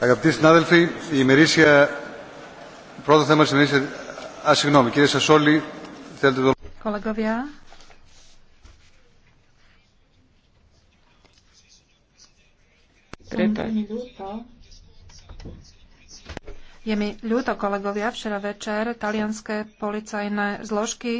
Αγαπητοί συνάδελφοι, η ημερήσια... Πρώτο θέμα της ημερήσιας... Α, συγγνώμη, κύριε Σασόλη, θέλετε το... Κολαγκοβιά. Je mi ľúto, kolegovia, včera večer talianské policajné zložky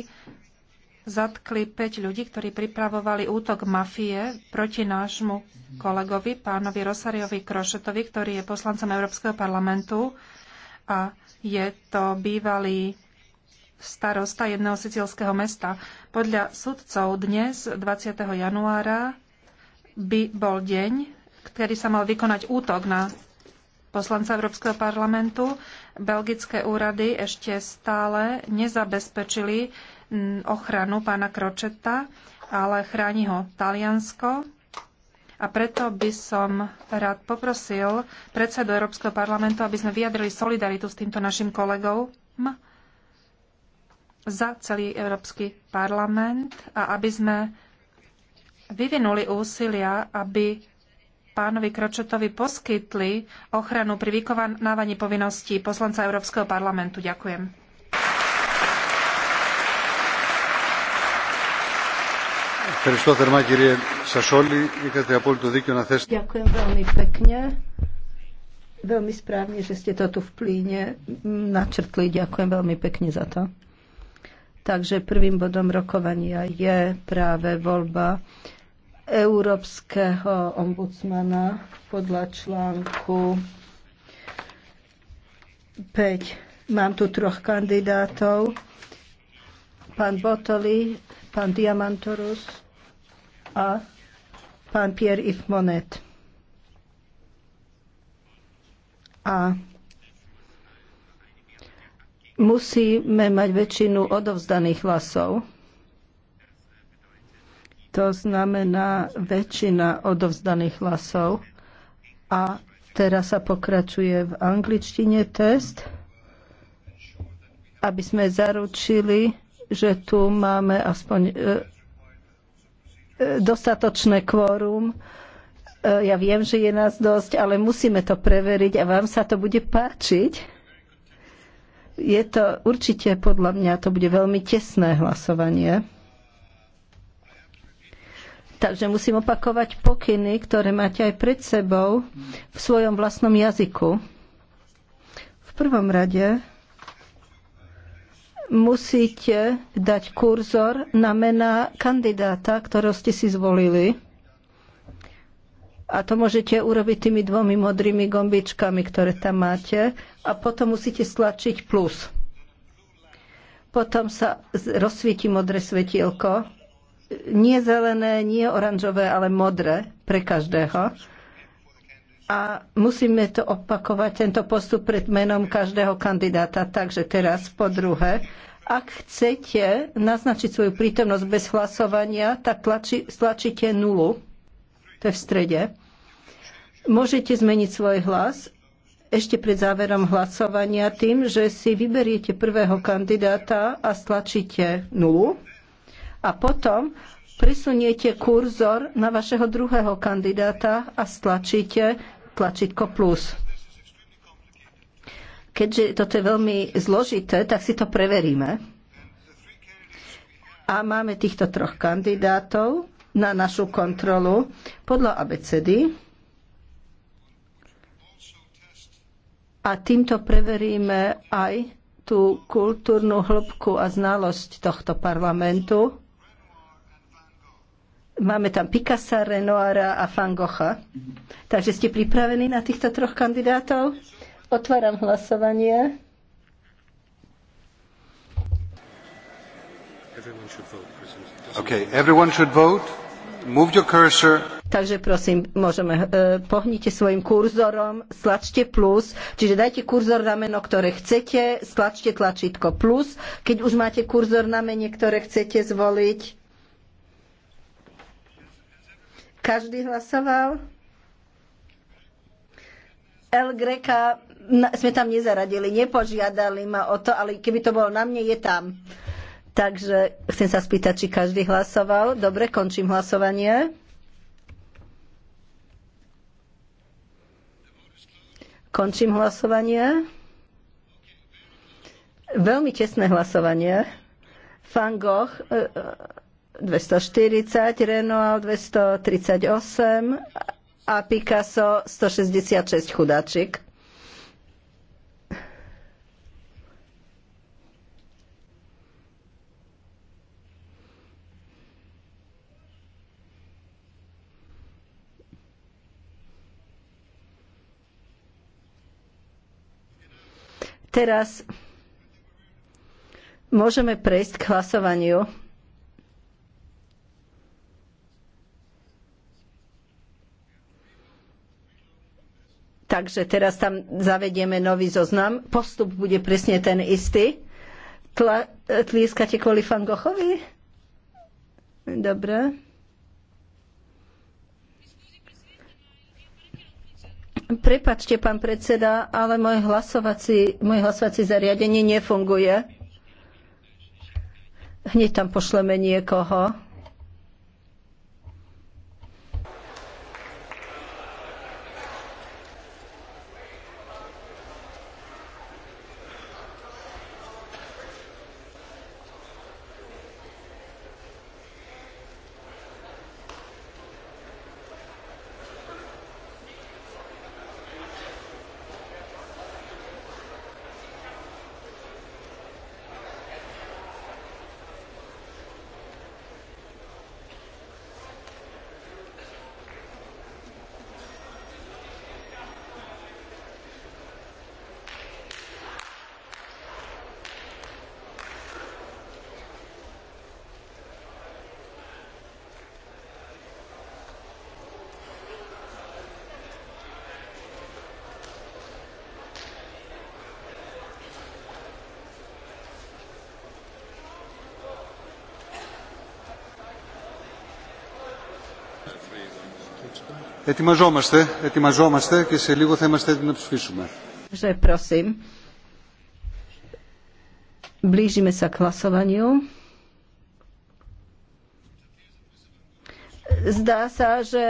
zatkli 5 ľudí, ktorí pripravovali útok mafie proti nášmu kolegovi, pánovi Rosariovi Krošetovi, ktorý je poslancom Európskeho parlamentu a je to bývalý starosta jedného sicilského mesta. Podľa sudcov dnes, 20. januára, by bol deň, ktorý sa mal vykonať útok na poslanca Európskeho parlamentu, belgické úrady ešte stále nezabezpečili Mm, ochranu pána Kročeta, ale chráni ho Taliansko. A preto by som rád poprosil predsedu Európskeho parlamentu, aby sme vyjadrili solidaritu s týmto našim kolegom za celý Európsky parlament a aby sme vyvinuli úsilia, aby pánovi Kročetovi poskytli ochranu pri vykonávaní povinností poslanca Európskeho parlamentu. Ďakujem. Ďakujem veľmi pekne. Veľmi správne, že ste to tu v plíne načrtli. Ďakujem veľmi pekne za to. Takže prvým bodom rokovania je práve voľba európskeho ombudsmana podľa článku 5. Mám tu troch kandidátov. Pán Botoli, pán Diamantorus a pán Pierre-Yves Monet. A musíme mať väčšinu odovzdaných hlasov. To znamená väčšina odovzdaných hlasov. A teraz sa pokračuje v angličtine test, aby sme zaručili, že tu máme aspoň e, dostatočné kvórum. E, ja viem, že je nás dosť, ale musíme to preveriť a vám sa to bude páčiť. Je to určite, podľa mňa, to bude veľmi tesné hlasovanie. Takže musím opakovať pokyny, ktoré máte aj pred sebou v svojom vlastnom jazyku. V prvom rade musíte dať kurzor na mená kandidáta, ktorého ste si zvolili. A to môžete urobiť tými dvomi modrými gombičkami, ktoré tam máte. A potom musíte stlačiť plus. Potom sa rozsvieti modré svetielko. Nie zelené, nie oranžové, ale modré pre každého a musíme to opakovať, tento postup pred menom každého kandidáta. Takže teraz po druhé, ak chcete naznačiť svoju prítomnosť bez hlasovania, tak tlači, stlačíte nulu. To je v strede. Môžete zmeniť svoj hlas ešte pred záverom hlasovania tým, že si vyberiete prvého kandidáta a stlačíte nulu. A potom presuniete kurzor na vašeho druhého kandidáta a stlačíte tlačítko plus. Keďže toto je veľmi zložité, tak si to preveríme. A máme týchto troch kandidátov na našu kontrolu podľa abecedy. A týmto preveríme aj tú kultúrnu hĺbku a znalosť tohto parlamentu Máme tam Picasso, Renoara a Fangocha. Takže ste pripravení na týchto troch kandidátov? Otváram hlasovanie. Okay, everyone should vote. Move your cursor. Takže prosím, môžeme, eh, pohnite svojim kurzorom, stlačte plus, čiže dajte kurzor na meno, ktoré chcete, stlačte tlačítko plus. Keď už máte kurzor na mene, ktoré chcete zvoliť, každý hlasoval? El Greka sme tam nezaradili, nepožiadali ma o to, ale keby to bolo na mne, je tam. Takže chcem sa spýtať, či každý hlasoval. Dobre, končím hlasovanie. Končím hlasovanie. Veľmi tesné hlasovanie. Fangoch e, e, 240, Renault 238 a Picasso 166 chudáčik. Teraz môžeme prejsť k hlasovaniu. takže teraz tam zavedieme nový zoznam. Postup bude presne ten istý. Tla, tlieskate kvôli Fangochovi? Dobre. Prepačte, pán predseda, ale môj hlasovací, moje hlasovací zariadenie nefunguje. Hneď tam pošleme niekoho. Ετοιμαζόμαστε, ετοιμαζόμαστε και σε λίγο θα είμαστε έτοιμοι να ψηφίσουμε. Že prosím. Blížime sa k hlasovaniu. Zdá sa, že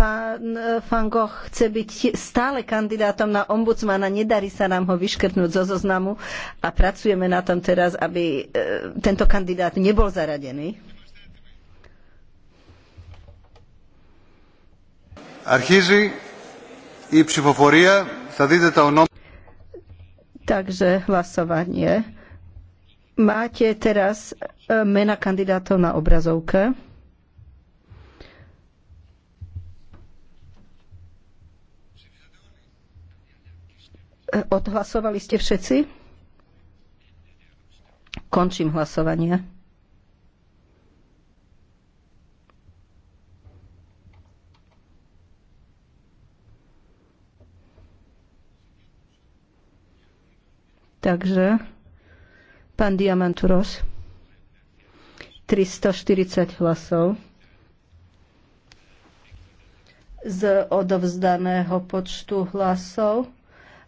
pán Van Gogh chce byť stále kandidátom na ombudsmana. Nedarí sa nám ho vyškrtnúť zo zoznamu a pracujeme na tom teraz, aby e, tento kandidát nebol zaradený. Αρχίζει η ψηφοφορία. Θα δείτε τα ονόματα. Takže hlasovanie. Máte teraz e, mena kandidátov na obrazovke. E, odhlasovali ste všetci? Končím hlasovanie. Takže pán Diamanturos 340 hlasov z odovzdaného počtu hlasov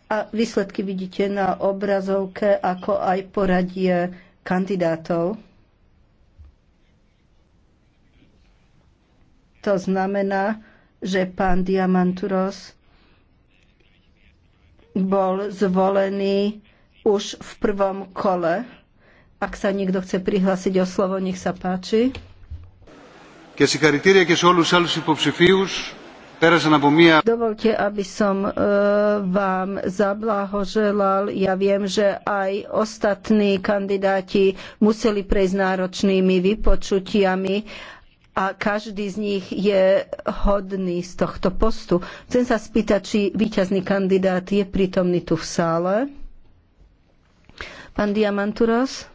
a výsledky vidíte na obrazovke, ako aj poradie kandidátov. To znamená, že pán Diamanturos bol zvolený už v prvom kole. Ak sa niekto chce prihlásiť o slovo, nech sa páči. Dovolte, aby som vám zablahoželal. Ja viem, že aj ostatní kandidáti museli prejsť náročnými vypočutiami a každý z nich je hodný z tohto postu. Chcem sa spýtať, či víťazný kandidát je prítomný tu v sále. Pán Diamanturos.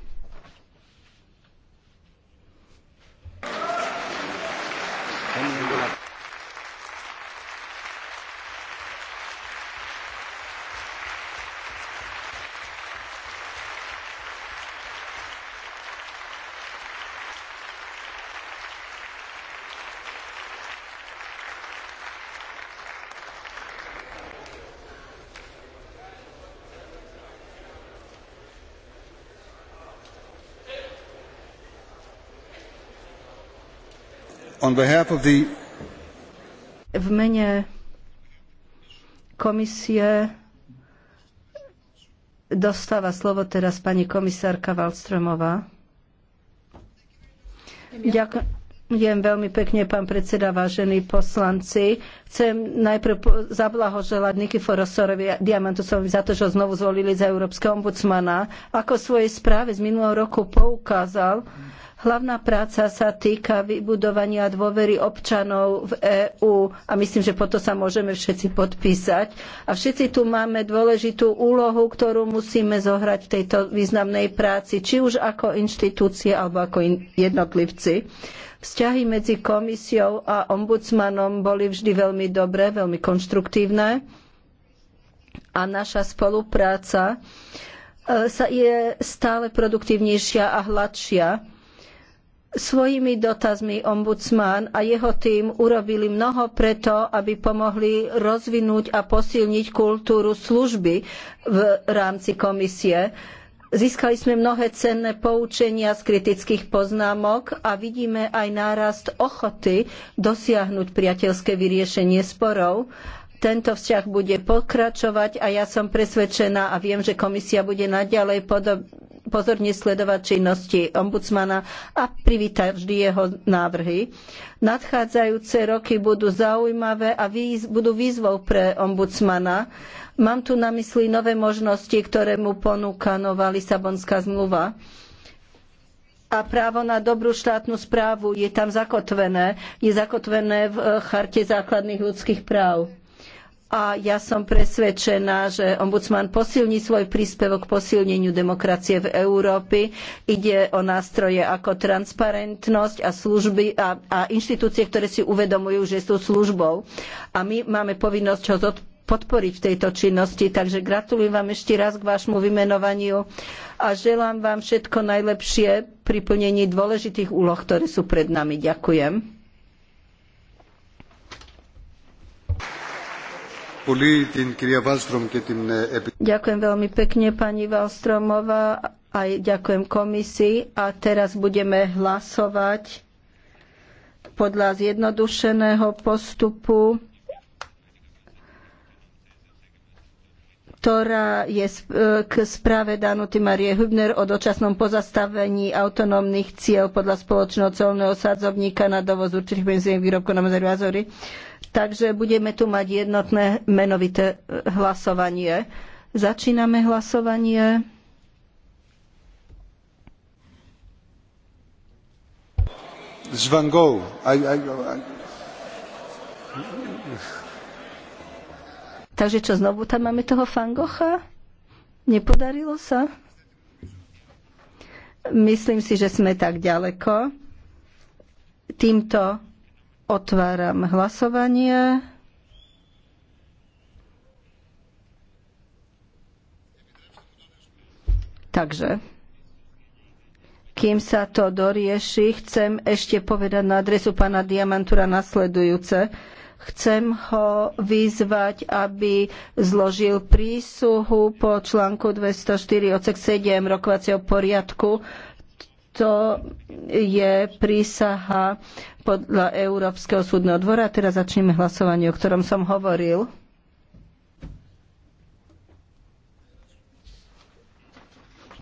V mene komisie dostáva slovo teraz pani komisárka Wallströmová. Ďakujem. veľmi pekne, pán predseda, vážení poslanci. Chcem najprv zablahoželať Nikiforosorovi Diamantusovi za to, že ho znovu zvolili za Európskeho ombudsmana. Ako v svojej správe z minulého roku poukázal, mm Hlavná práca sa týka vybudovania dôvery občanov v EÚ a myslím, že po to sa môžeme všetci podpísať. A všetci tu máme dôležitú úlohu, ktorú musíme zohrať v tejto významnej práci, či už ako inštitúcie alebo ako jednotlivci. Vzťahy medzi komisiou a ombudsmanom boli vždy veľmi dobré, veľmi konštruktívne a naša spolupráca e, je stále produktívnejšia a hladšia Svojimi dotazmi ombudsman a jeho tým urobili mnoho preto, aby pomohli rozvinúť a posilniť kultúru služby v rámci komisie. Získali sme mnohé cenné poučenia z kritických poznámok a vidíme aj nárast ochoty dosiahnuť priateľské vyriešenie sporov. Tento vzťah bude pokračovať a ja som presvedčená a viem, že komisia bude naďalej podobne pozorne sledovať činnosti ombudsmana a privítať vždy jeho návrhy. Nadchádzajúce roky budú zaujímavé a výz, budú výzvou pre ombudsmana. Mám tu na mysli nové možnosti, ktoré mu ponúka nová Lisabonská zmluva a právo na dobrú štátnu správu je tam zakotvené, je zakotvené v eh, Charte základných ľudských práv a ja som presvedčená, že ombudsman posilní svoj príspevok k posilneniu demokracie v Európe. Ide o nástroje ako transparentnosť a služby a, a inštitúcie, ktoré si uvedomujú, že sú službou. A my máme povinnosť ho podporiť v tejto činnosti. Takže gratulujem vám ešte raz k vášmu vymenovaniu a želám vám všetko najlepšie pri plnení dôležitých úloh, ktoré sú pred nami. Ďakujem. Ďakujem veľmi pekne pani Valstromová aj ďakujem komisii a teraz budeme hlasovať podľa zjednodušeného postupu, ktorá je e, k správe Danuty Marie Hübner o dočasnom pozastavení autonómnych cieľ podľa spoločného colného sadzovníka na dovoz určitých benzínových výrobkov na Mazeru Azory. Takže budeme tu mať jednotné menovité e, hlasovanie. Začíname hlasovanie. Zvan Gogh. I, I, I... Takže čo, znovu tam máme toho fangocha? Nepodarilo sa? Myslím si, že sme tak ďaleko. Týmto Otváram hlasovanie. Takže, kým sa to dorieši, chcem ešte povedať na adresu pána Diamantura nasledujúce. Chcem ho vyzvať, aby zložil prísuhu po článku 204 odsek 7 rokovacieho poriadku, to je prísaha podľa Európskeho súdneho dvora. Teraz začneme hlasovanie, o ktorom som hovoril.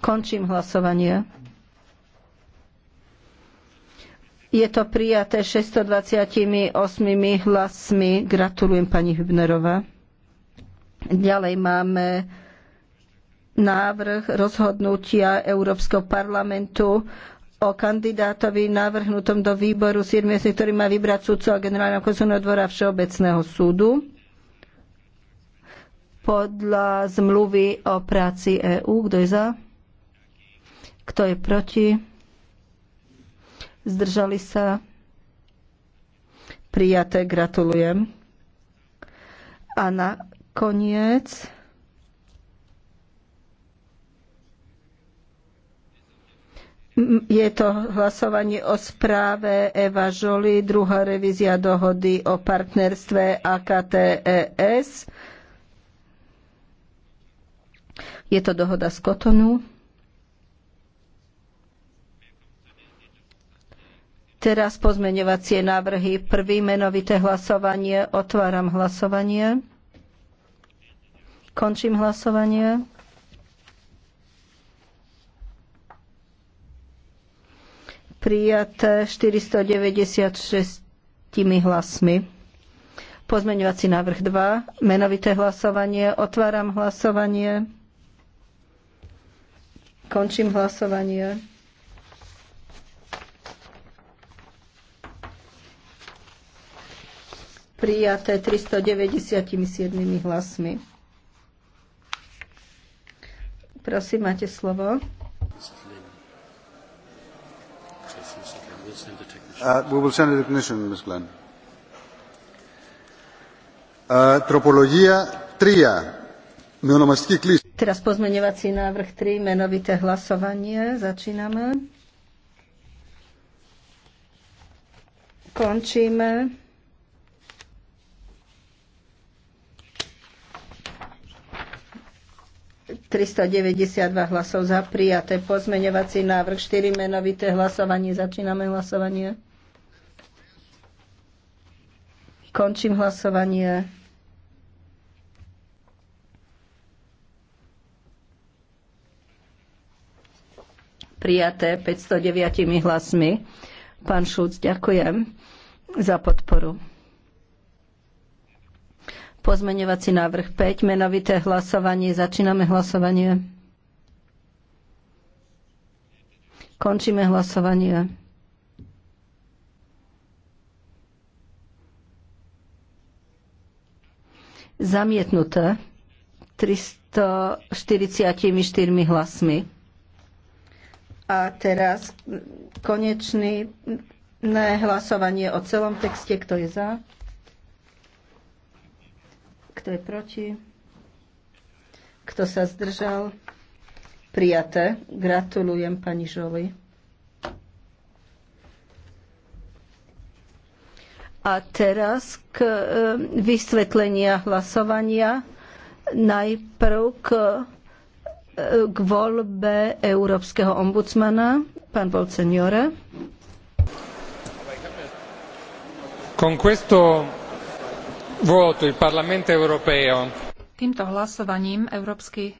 Končím hlasovanie. Je to prijaté 628 hlasmi. Gratulujem pani Hübnerová. Ďalej máme návrh rozhodnutia Európskeho parlamentu o kandidátovi navrhnutom do výboru 7, ktorý má vybrať a generálneho konzulného dvora Všeobecného súdu podľa zmluvy o práci EÚ. Kto je za? Kto je proti? Zdržali sa? Prijaté, gratulujem. A nakoniec Je to hlasovanie o správe Eva Žoli, druhá revízia dohody o partnerstve AKTES. Je to dohoda z Kotonu. Teraz pozmeňovacie návrhy. Prvý menovité hlasovanie. Otváram hlasovanie. Končím hlasovanie. prijaté 496 hlasmi. Pozmeňovací návrh 2, menovité hlasovanie. Otváram hlasovanie. Končím hlasovanie. Prijaté 397 hlasmi. Prosím, máte slovo. Uh, we will send it to the Commission, Ms. Glenn. Uh, tropológia 3. Neonomastický klíč. Teraz pozmeňovací návrh 3, menovité hlasovanie. Začíname. Končíme. ...392 hlasov za prijaté. Pozmeňovací návrh 4, menovité hlasovanie. Začíname hlasovanie. Končím hlasovanie. Prijaté 509 hlasmi. Pán Šúc, ďakujem za podporu. Pozmeňovací návrh 5, menovité hlasovanie. Začíname hlasovanie. Končíme hlasovanie. Zamietnuté 344 hlasmi. A teraz konečný hlasovanie o celom texte. Kto je za? Kto je proti? Kto sa zdržal? Prijaté. Gratulujem pani Žoli. A teraz k e, vysvetlenia hlasovania. Najprv k, e, k voľbe Európskeho ombudsmana, pán Bolceniore. Con questo voto il Parlamento europeo. Týmto hlasovaním Európsky